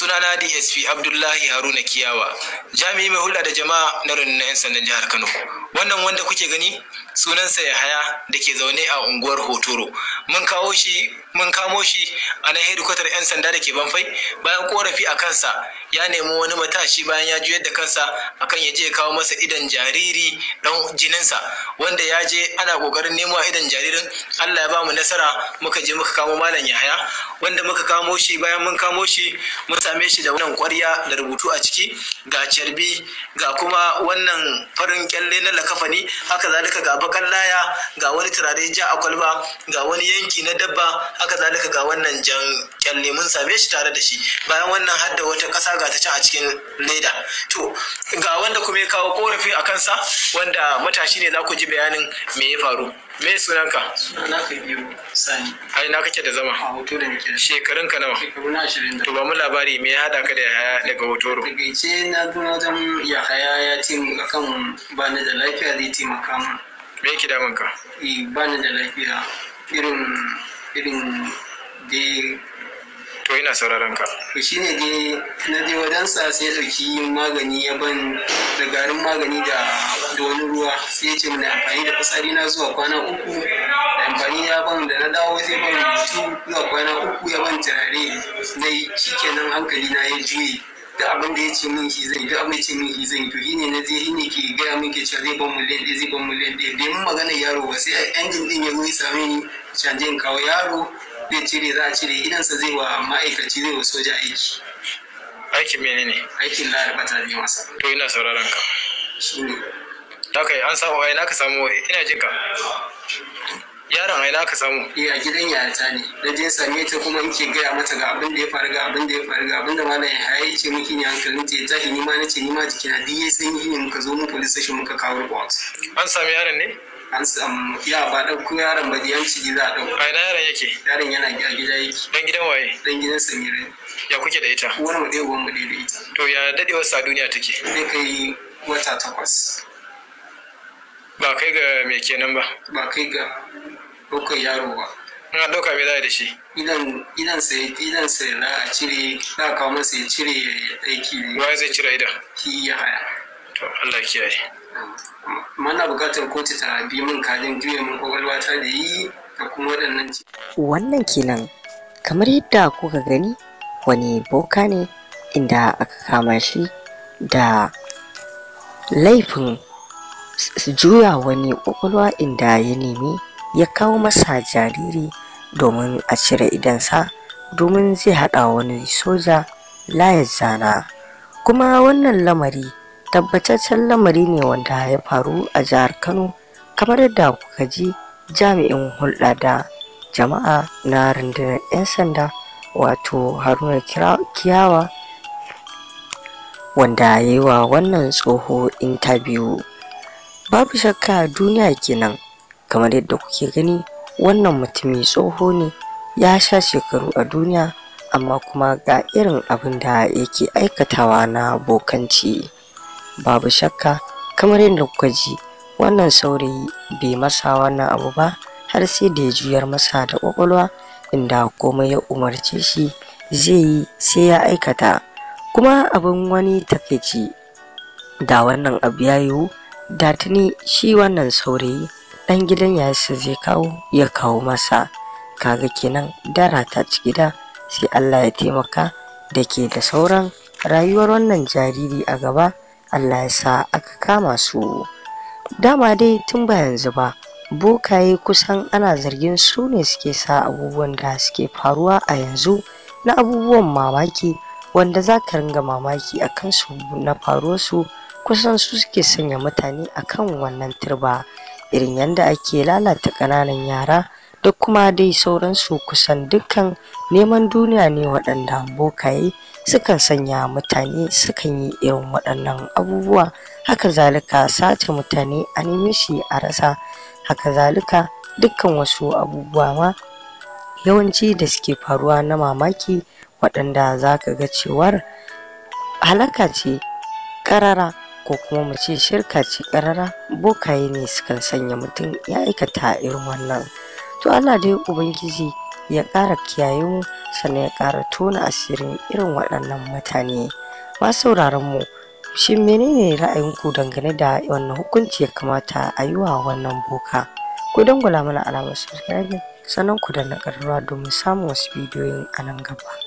sunana dsp abdullahi haruna kiyawa jami'i mai hulɗa da jama'a na rundunar 'yan sandan jihar kano wannan wanda kuke gani sunansa ya haya da ke zaune a unguwar hotoro mun kawo shi mun kamo shi a nan hedikwatar 'yan sanda da ke banfai bayan korafi a kansa ya nemi wani matashi bayan ya juyar da kansa akan ya je kawo masa idan jariri dan jininsa wanda ya je ana kokarin nemo idan jaririn Allah ya bamu nasara muka je muka kamo malam Yahaya wanda muka kamo shi bayan mun kamo shi mun same shi da wannan kwarya da rubutu a ciki ga carbi ga kuma wannan farin kyalle na lakafani haka zalika ga bakan laya ga wani turare ja a kwalba ga wani yanki na dabba haka zalika ga wannan jan kyalle mun same shi tare da shi bayan wannan hadda wata kasa ga ta can a cikin leda to ga wanda kuma ya kawo korafi a kansa wanda matashi ne za ku ji bayanin me ya faru me sunanka sunana ka biyu sani ai na kake da zama a hoto da nake shekarun ka nawa shekaru na 20 to ba mu labari me ya hada ka da yaya daga hoto hotoro gaice na zo wajen ya haya ya ce akan ba ni da lafiya zai taimaka min me yake damun ka eh, ba ni da lafiya irin irin dai to ina sauraron ka to shine dai na je wajensa sai dauki magani ya ban da garin magani da wani ruwa sai ya ce mun amfani da fasari na zuwa kwana uku da amfani ya ban da na dawo sai ban mutu zuwa kwana uku ya ban tare na yi shikenan hankali na ya juye da abin da ya ce min shi zai da abin ya ce min shi zai to shine na zai shine ke gaya min ke cewa zai ban miliyan ɗaya zai ban miliyan ɗaya bai mun magana yaro ba sai injin ɗin ya zo ya same ni canje kawo yaro zai cire za a cire gidansa zai wa ma'aikaci zai wa soja aiki. Aikin mene ne? Aikin laraba bata ne masa. To ina sauraron ka. Shi ne. Da kai an samu ai na ka samu ina jin ka. yaron aina aka samu iya eh, a gidan ta ne da jin same ta kuma in ke gaya mata ga abin da ya faru ga abin da ya faru ga abin da mana ya haye ce miki ne hankalin ta ta hini ma nace ni ma jiki na duk sai ni ne muka zo mu police station muka kawo report an sami yaron ne an samu ya ba ku yaron ba diyan ciki za a ku A ina yaron yake? Yaron yana a gida yake. Dan gidan waye? Dan gidan Samira. Ya kuke da ita? Uwar mu dai uwar mu dai da ita. To ya daɗewar sa duniya take? sai kai wata takwas. ba kai ga me kenan ba ba kai ga ɗaukar yaro ba na ɗauka mai zai da shi idan idan sai idan sai na a cire na kawo masa ya cire aiki ne ba zai cire idan shi ya haya to Allah kiyaye mana buƙatar kotu ta bi min kajin juya min kwakwalwa ta da yi da kuma waɗannan wannan kenan kamar yadda kuka gani wani boka ne inda aka kama shi da laifin juya wani ƙwaƙwalwa inda ya nemi ya kawo masa jariri domin a cire idansa domin zai haɗa wani soja layar zana kuma wannan lamari tabbataccen lamari ne wanda ya faru a jihar kano kamar yadda kuka ji jami'in hulɗa da jama'a na rundunar 'yan sanda wato haruna kiyawa wanda ya yi wa wannan tsoho intabiyu babu shakka duniya kenan kamar yadda kuke gani wannan mutumi tsoho ne ya sha shekaru a duniya amma kuma ga irin abin da yake aikatawa na bokanci babu shakka kamar yadda kuka ji wannan saurayi bai masa wannan abu ba har sai da ya juyar masa da kwakwalwa inda komai ya umarce shi zai yi sai ya aikata kuma abin wani takaici da wannan abu ya yiwu da tuni shi wannan saurayi Dan gidan yayarsa zai kawo ya kawo masa kaga kenan dara ta ci gida sai Allah ya taimaka da ke da sauran rayuwar wannan jariri a gaba Allah ya sa aka kama su dama dai tun ba yanzu ba bokaye kusan ana zargin su ne suke sa abubuwan da suke faruwa a yanzu na abubuwan mamaki wanda za ka ringa mamaki a kansu na faruwarsu su kusan su suke sanya mutane a kan wannan turba irin yadda ake lalata ƙananan yara da kuma dai sauransu kusan dukkan neman duniya ne waɗanda bokaye sukan sanya mutane sukan yi irin waɗannan abubuwa haka zalika sace mutane a nemi shi a rasa haka zalika dukkan wasu abubuwa ma yawanci da suke faruwa na mamaki waɗanda za ka ga cewar halaka ce ƙarara ko kuma mu ce shirka ce karara bokaye ne sukan sanya mutum ya aikata irin wannan to Allah dai ubangiji ya ƙara kiyaye mu sannan ya ƙara tona asirin irin waɗannan mutane Ba sauraron mu shin menene ra'ayinku dangane da wannan hukunci ya kamata a yi wa wannan boka ku dangula mana alamar subscribe sannan ku danna ƙararrawa domin samun wasu bidiyoyin a nan gaba